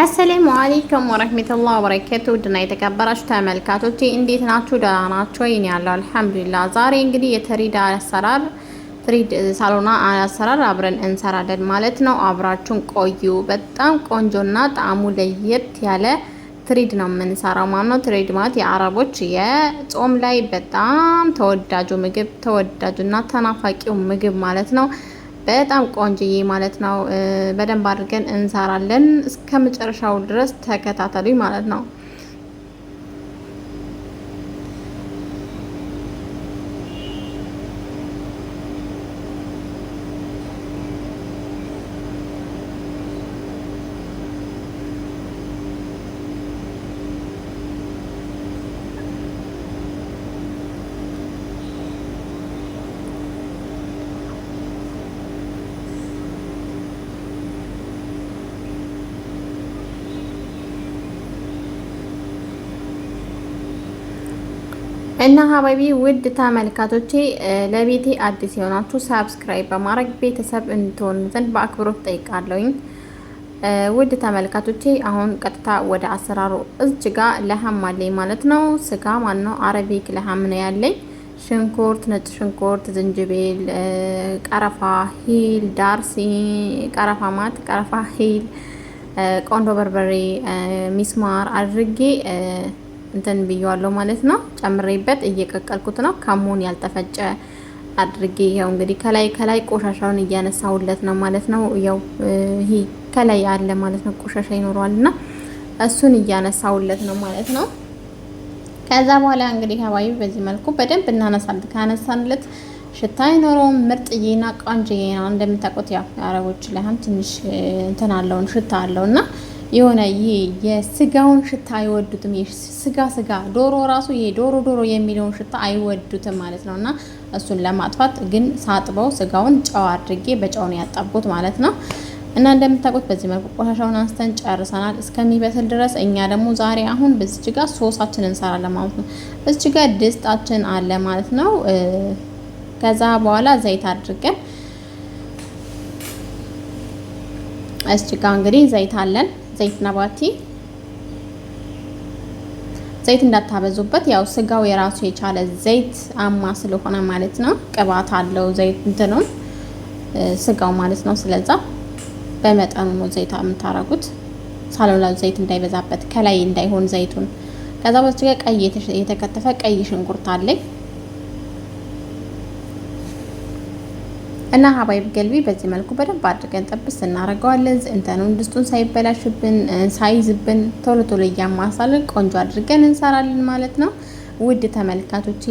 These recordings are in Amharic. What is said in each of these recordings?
አሰላሙ አሌይኩም ወረህመቱላህ ወበረካቱ ውድና የተከበራችሁ ተመልካቾች እንዴት ናችሁ? ደህና ናችሁ? ይኔ ያለው አልሐምዱሊላህ። ዛሬ እንግዲህ የትሪድ አሰራር ትሪድ ሳሎና አሰራር አብረን እንሰራለን ማለት ነው። አብራችሁን ቆዩ። በጣም ቆንጆና ጣዕሙ ለየት ያለ ትሪድ ነው የምንሰራው ማለት ነው። ትሪድ ማለት የአረቦች የጾም ላይ በጣም ተወዳጁ ምግብ ተወዳጁና ተናፋቂው ምግብ ማለት ነው። በጣም ቆንጅዬ ማለት ነው። በደንብ አድርገን እንሰራለን። እስከ መጨረሻው ድረስ ተከታተሉኝ ማለት ነው። እና ሀባቢ ውድ ተመልካቶቼ ለቤቴ አዲስ የሆናችሁ ሰብስክራይብ በማድረግ ቤተሰብ እንድትሆኑ ዘንድ በአክብሮት ጠይቃለሁኝ። ውድ ተመልካቶቼ አሁን ቀጥታ ወደ አሰራሩ እዚች ጋ ለሀም አለኝ ማለት ነው። ስጋ ማን ነው አረቢክ ለሀም ነው ያለኝ። ሽንኩርት፣ ነጭ ሽንኩርት፣ ዝንጅቤል፣ ቀረፋ፣ ሂል፣ ዳርሲ፣ ቀረፋ ማት፣ ቀረፋ ሂል፣ ቆንዶ በርበሬ፣ ሚስማር አድርጌ እንትን ብየዋለሁ ማለት ነው። ጨምሬበት እየቀቀልኩት ነው። ከሙን ያልተፈጨ አድርጌ ያው እንግዲህ ከላይ ከላይ ቆሻሻውን እያነሳሁለት ነው ማለት ነው። ያው ይሄ ከላይ አለ ማለት ነው፣ ቆሻሻ ይኖረዋልና እሱን እያነሳሁለት ነው ማለት ነው። ከዛ በኋላ እንግዲህ ሀዋይ በዚህ መልኩ በደንብ እናነሳለን። ካነሳንለት ሽታ አይኖረውም። ምርጥዬና ቆንጅዬ ነው። እንደምታውቁት ያው አረቦች ላይ ትንሽ እንትን አለውን ሽታ አለውና የሆነ ይሄ የስጋውን ሽታ አይወዱትም። ስጋ ስጋ ዶሮ ራሱ ይሄ ዶሮ ዶሮ የሚለውን ሽታ አይወዱትም ማለት ነው። እና እሱን ለማጥፋት ግን ሳጥበው ስጋውን ጨው አድርጌ ነው ያጣብኩት ማለት ነው። እና እንደምታውቁት በዚህ መልኩ ቆሻሻውን አንስተን ጨርሰናል። እስከሚበስል ድረስ እኛ ደግሞ ዛሬ አሁን በዚች ጋር ሶሳችን እንሰራለን ማለት ነው። በዚች ጋር ድስጣችን አለ ማለት ነው። ከዛ በኋላ ዘይት አድርገን እዚች ጋር እንግዲህ ዘይት አለን ዘይት ነባቲ ዘይት እንዳታበዙበት። ያው ስጋው የራሱ የቻለ ዘይት አማ ስለሆነ ማለት ነው። ቅባት አለው ዘይት እንትኑ ስጋው ማለት ነው። ስለዛ በመጠኑ ነው ዘይት የምታረጉት። ሳሎላ ዘይት እንዳይበዛበት ከላይ እንዳይሆን ዘይቱን። ከዛ በስተቀር ቀይ የተከተፈ ቀይ ሽንኩርት አለኝ እና ሀባይብ ገልቢ በዚህ መልኩ በደንብ አድርገን ጠብስ እናደርገዋለን። እንትኑን ድስቱን ሳይበላሽብን ሳይዝብን ቶሎ ቶሎ እያማሳለን ቆንጆ አድርገን እንሰራለን ማለት ነው። ውድ ተመልካቶቼ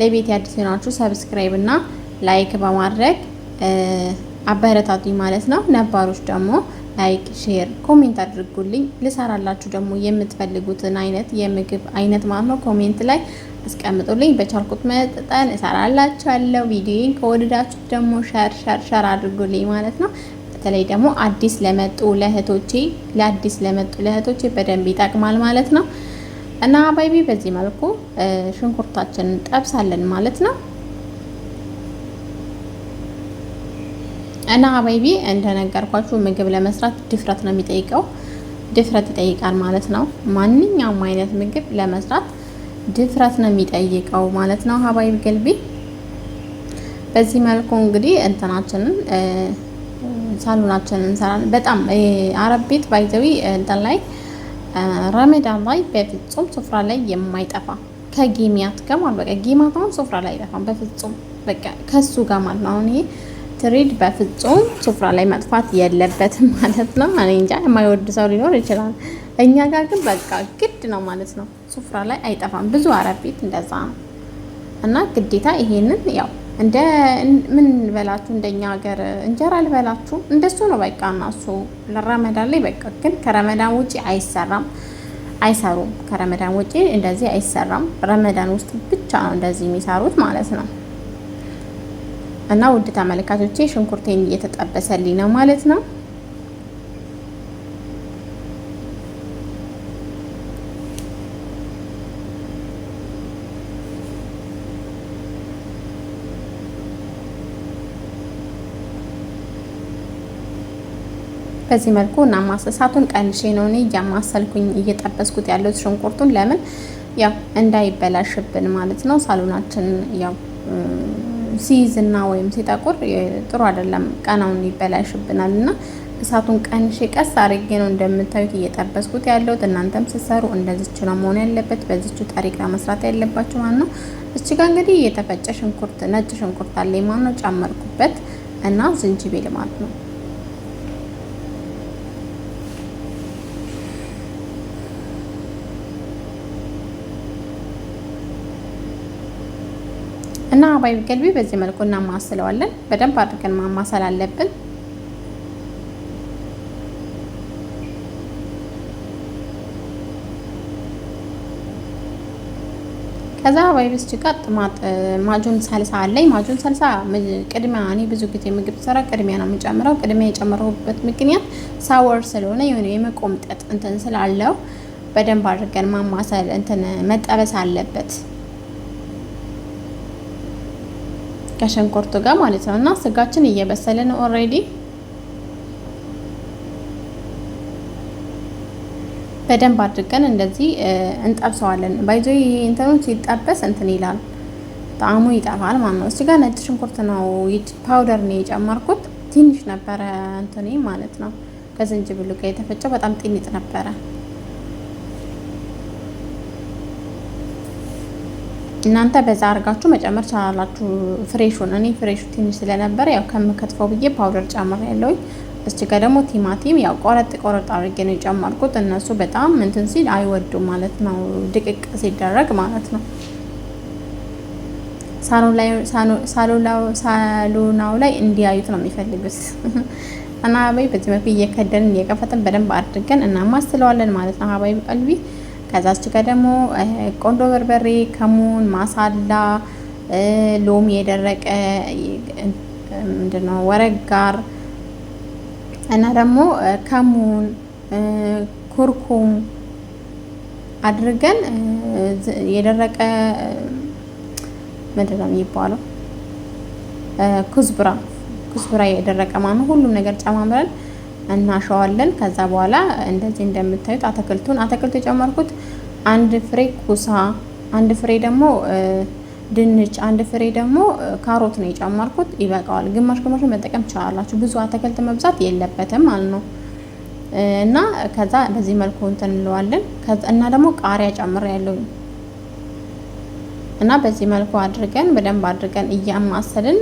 ለቤት አዲስ ናችሁ፣ ሰብስክራይብ እና ላይክ በማድረግ አበረታቱኝ ማለት ነው። ነባሮች ደግሞ ላይክ፣ ሼር፣ ኮሜንት አድርጉልኝ። ልሰራላችሁ ደግሞ የምትፈልጉትን አይነት የምግብ አይነት ማለት ነው ኮሜንት ላይ አስቀምጡልኝ። በቻልኩት መጠን እሰራላችኋለሁ። ቪዲዮን ከወደዳችሁት ደግሞ ሸር ሸር ሸር አድርጉልኝ ማለት ነው። በተለይ ደግሞ አዲስ ለመጡ ለእህቶቼ ለአዲስ ለመጡ ለእህቶቼ በደንብ ይጠቅማል ማለት ነው እና ባይቢ በዚህ መልኩ ሽንኩርታችንን እንጠብሳለን ማለት ነው። እና አባይቢ እንደነገርኳችሁ ምግብ ለመስራት ድፍረት ነው የሚጠይቀው፣ ድፍረት ይጠይቃል ማለት ነው። ማንኛውም አይነት ምግብ ለመስራት ድፍረት ነው የሚጠይቀው ማለት ነው። ሀባይ ገልቢ በዚህ መልኩ እንግዲህ እንትናችንን ሳሎናችንን እንሰራለን። በጣም አረብ ቤት ባይዘዊ እንትን ላይ ረመዳን ላይ በፍጹም ስፍራ ላይ የማይጠፋ ከጌሚያት ጋር ማለት በቃ ጌማት አሁን ስፍራ ላይ አይጠፋም በፍጹም በቃ ከሱ ጋር ማለት ነው። አሁን ይሄ ትሬድ በፍጹም ስፍራ ላይ መጥፋት የለበትም ማለት ነው። እኔ እንጃ የማይወድ ሰው ሊኖር ይችላል። እኛ ጋር ግን በቃ ግድ ነው ማለት ነው። ሱፍራ ላይ አይጠፋም። ብዙ አረብ ቤት እንደዛ ነው እና ግዴታ ይሄንን ያው እንደ ምን በላችሁ እንደኛ ሀገር እንጀራ ልበላችሁ እንደሱ ነው በቃ። እና እሱ ለረመዳን ላይ በቃ ግን ከረመዳን ውጪ አይሰራም፣ አይሰሩም። ከረመዳን ውጪ እንደዚህ አይሰራም። ረመዳን ውስጥ ብቻ ነው እንደዚህ የሚሰሩት ማለት ነው። እና ውድ ተመልካቾቼ ሽንኩርቴን እየተጠበሰልኝ ነው ማለት ነው። በዚህ መልኩ እና ማሰሳቱን ቀንሼ ነው እኔ እያማሰልኩኝ እየጠበስኩት ያለው ሽንኩርቱን። ለምን ያው እንዳይበላሽብን ማለት ነው። ሳሎናችን ያው ሲይዝና ወይም ሲጠቁር ጥሩ አይደለም፣ ቀናውን ይበላሽብናል እና እሳቱን ቀንሼ ቀስ አድርጌ ነው እንደምታዩት እየጠበስኩት ያለሁት። እናንተም ስትሰሩ እንደዚች ነው መሆን ያለበት፣ በዚች ጠሪቃ መስራት ያለባችሁ ማለት ነው። እቺ እንግዲህ የተፈጨ ሽንኩርት፣ ነጭ ሽንኩርት አለ ማለት ነው ጨመርኩበት እና ዝንጅቤል ማለት ነው እና አባይ ገልቢ በዚህ መልኩ እናማስለዋለን። በደንብ አድርገን ማማሰል አለብን። ከዛ አባይ ብስጭ ጋር ጥማጥ ማጁን ሰልሳ አለኝ። ማጁን ሰልሳ ቅድሚያ እኔ ብዙ ጊዜ ምግብ ሰራ ቅድሚያ ነው የምጨምረው። ቅድሚያ የጨመረሁበት ምክንያት ሳወር ስለሆነ የሆነ የመቆምጠጥ እንትን ስላለው በደንብ አድርገን ማማሰል እንትን መጠበስ አለበት። ከሽንኩርቱ ጋር ማለት ነው። እና ስጋችን እየበሰለ ነው ኦልሬዲ። በደንብ አድርገን እንደዚህ እንጠብሰዋለን። ባይዞ ይሄ እንትኑ ሲጠበስ እንትን ይላል ጣዕሙ ይጠፋል ማለት ነው። እዚህ ጋር ነጭ ሽንኩርት ነው ፓውደር ነው የጨመርኩት። ትንሽ ነበረ እንትኔ ማለት ነው ከዝንጅብሉ ጋር የተፈጨው በጣም ጥንጥ ነበረ። እናንተ በዛ አድርጋችሁ መጨመር ቻላላችሁ ፍሬሹን። እኔ ፍሬሹ ትንሽ ስለነበረ ያው ከምከትፈው ብዬ ፓውደር ጨምር ያለውኝ። እስቲ ጋ ደግሞ ቲማቲም ያው ቆረጥ ቆረጥ አድርጌ ነው የጨመርኩት። እነሱ በጣም እንትን ሲል አይወዱም ማለት ነው፣ ድቅቅ ሲደረግ ማለት ነው። ሳሎናው ላይ እንዲያዩት ነው የሚፈልጉት እና አባይ በዚህ መልኩ እየከደንን እየቀፈጥን በደንብ አድርገን እናማስለዋለን ማለት ነው። አባይ ቀልቢ ከዛች ጋር ደግሞ ቆንዶ በርበሬ፣ ከሙን፣ ማሳላ፣ ሎሚ የደረቀ ምንድነው ወረግ ጋር እና ደግሞ ከሙን ኩርኩም አድርገን የደረቀ ነው የሚባለው ኩዝብራ ኩዝብራ የደረቀ ማነው ሁሉም ነገር ጨማምረን እናሸዋለን። ከዛ በኋላ እንደዚህ እንደምታዩት አትክልቱን አትክልቱ የጨመርኩት አንድ ፍሬ ኩሳ፣ አንድ ፍሬ ደግሞ ድንች፣ አንድ ፍሬ ደግሞ ካሮት ነው የጨመርኩት። ይበቃዋል። ግማሽ ግማሽ መጠቀም ትችላላችሁ። ብዙ አትክልት መብዛት የለበትም ማለት ነው። እና ከዛ በዚህ መልኩ እንትን እንለዋለን። እና ደግሞ ቃሪያ ያለው እና በዚህ መልኩ አድርገን በደንብ አድርገን እያማሰልን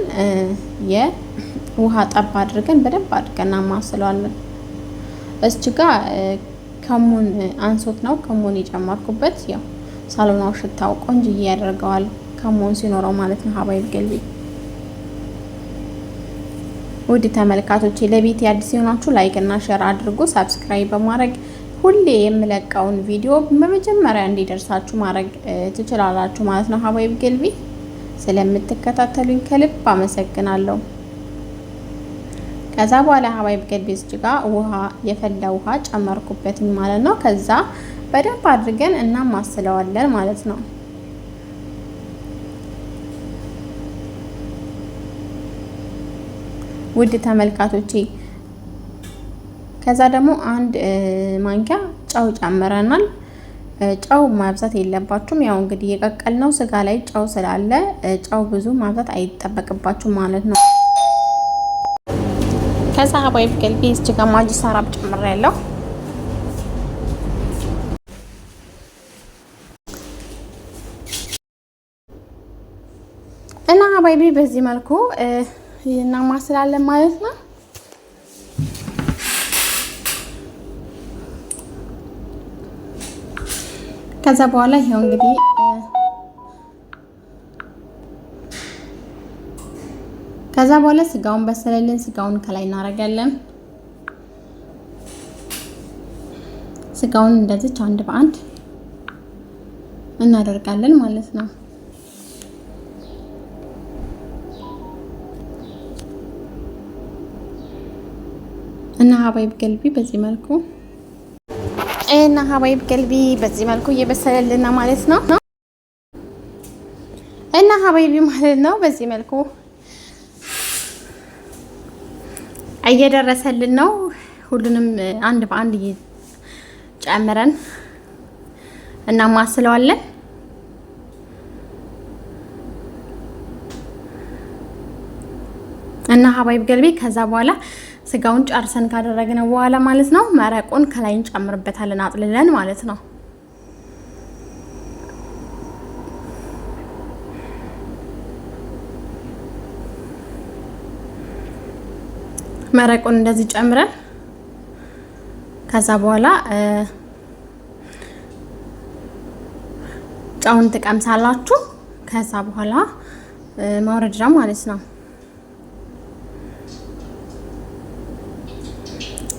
የውሃ ጠብ አድርገን በደንብ አድርገን እናማስለዋለን። እስች ጋር ከሙን አንሶት ነው ከሙን የጨመርኩበት። ያው ሳሎናው ሽታው ቆንጅዬ ያደርገዋል ከሙን ሲኖረው ማለት ነው። ሀባይብ ገልቢ ውድ ተመልካቶች ለቤት የአዲስ የሆናችሁ ላይክ እና ሼር አድርጉ። ሳብስክራይብ በማድረግ ሁሌ የምለቀውን ቪዲዮ በመጀመሪያ እንዲደርሳችሁ ማድረግ ትችላላችሁ ማለት ነው። ሀባይብ ገልቢ ስለምትከታተሉኝ ከልብ አመሰግናለሁ። ከዛ በኋላ ሀባይብ ገልቤ እዚህ ውሃ የፈላ ውሃ ጨመርኩበትኝ ማለት ነው። ከዛ በደንብ አድርገን እናማስለዋለን ማለት ነው። ውድ ተመልካቶቼ ከዛ ደግሞ አንድ ማንኪያ ጨው ጨምረናል። ጨው ማብዛት የለባችሁም። ያው እንግዲህ የቀቀልነው ስጋ ላይ ጨው ስላለ ጨው ብዙ ማብዛት አይጠበቅባችሁም ማለት ነው። ከዛ ሀባይብ ገልቤ እዚህ ጋር ማጂ ሰራብ ጨምሬያለሁ። እና ሀባይቢ በዚህ መልኩ እናማስላለን ማለት ነው። ከዛ በኋላ ይሄው እንግዲህ ከዛ በኋላ ስጋውን በሰለልን። ስጋውን ከላይ እናደርጋለን። ስጋውን እንደዚች አንድ በአንድ እናደርጋለን ማለት ነው። እና ሀባይብ ገልቢ በዚህ መልኩ እና ሀባይብ ገልቢ በዚህ መልኩ እየበሰለልና ማለት ነው። እና ሀባይቢ ማለት ነው በዚህ መልኩ እየደረሰልን ነው። ሁሉንም አንድ በአንድ ጨምረን እናማስለዋለን። እና ሀባይብ ገልቤ ከዛ በኋላ ስጋውን ጨርሰን ካደረግነው በኋላ ማለት ነው መረቁን ከላይ እንጨምርበታለን አጥልለን ማለት ነው። መረቁን እንደዚህ ጨምረን ከዛ በኋላ ጨውን ትቀምሳላችሁ። ከዛ በኋላ ማውረጃ ማለት ነው።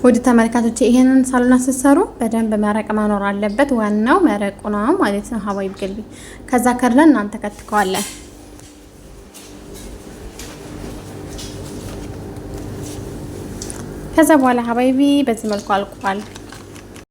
ውድ ተመልካቾች ይሄንን ሳሎና ስትሰሩ በደንብ መረቅ መኖር አለበት። ዋናው መረቁ ነው ማለት ነው። ሀዋይ ገልቢ ከዛ ከርለን እናንተ ከትከዋለን። ከዛ በኋላ ሀባይቢ በዚህ መልኩ አልቋል።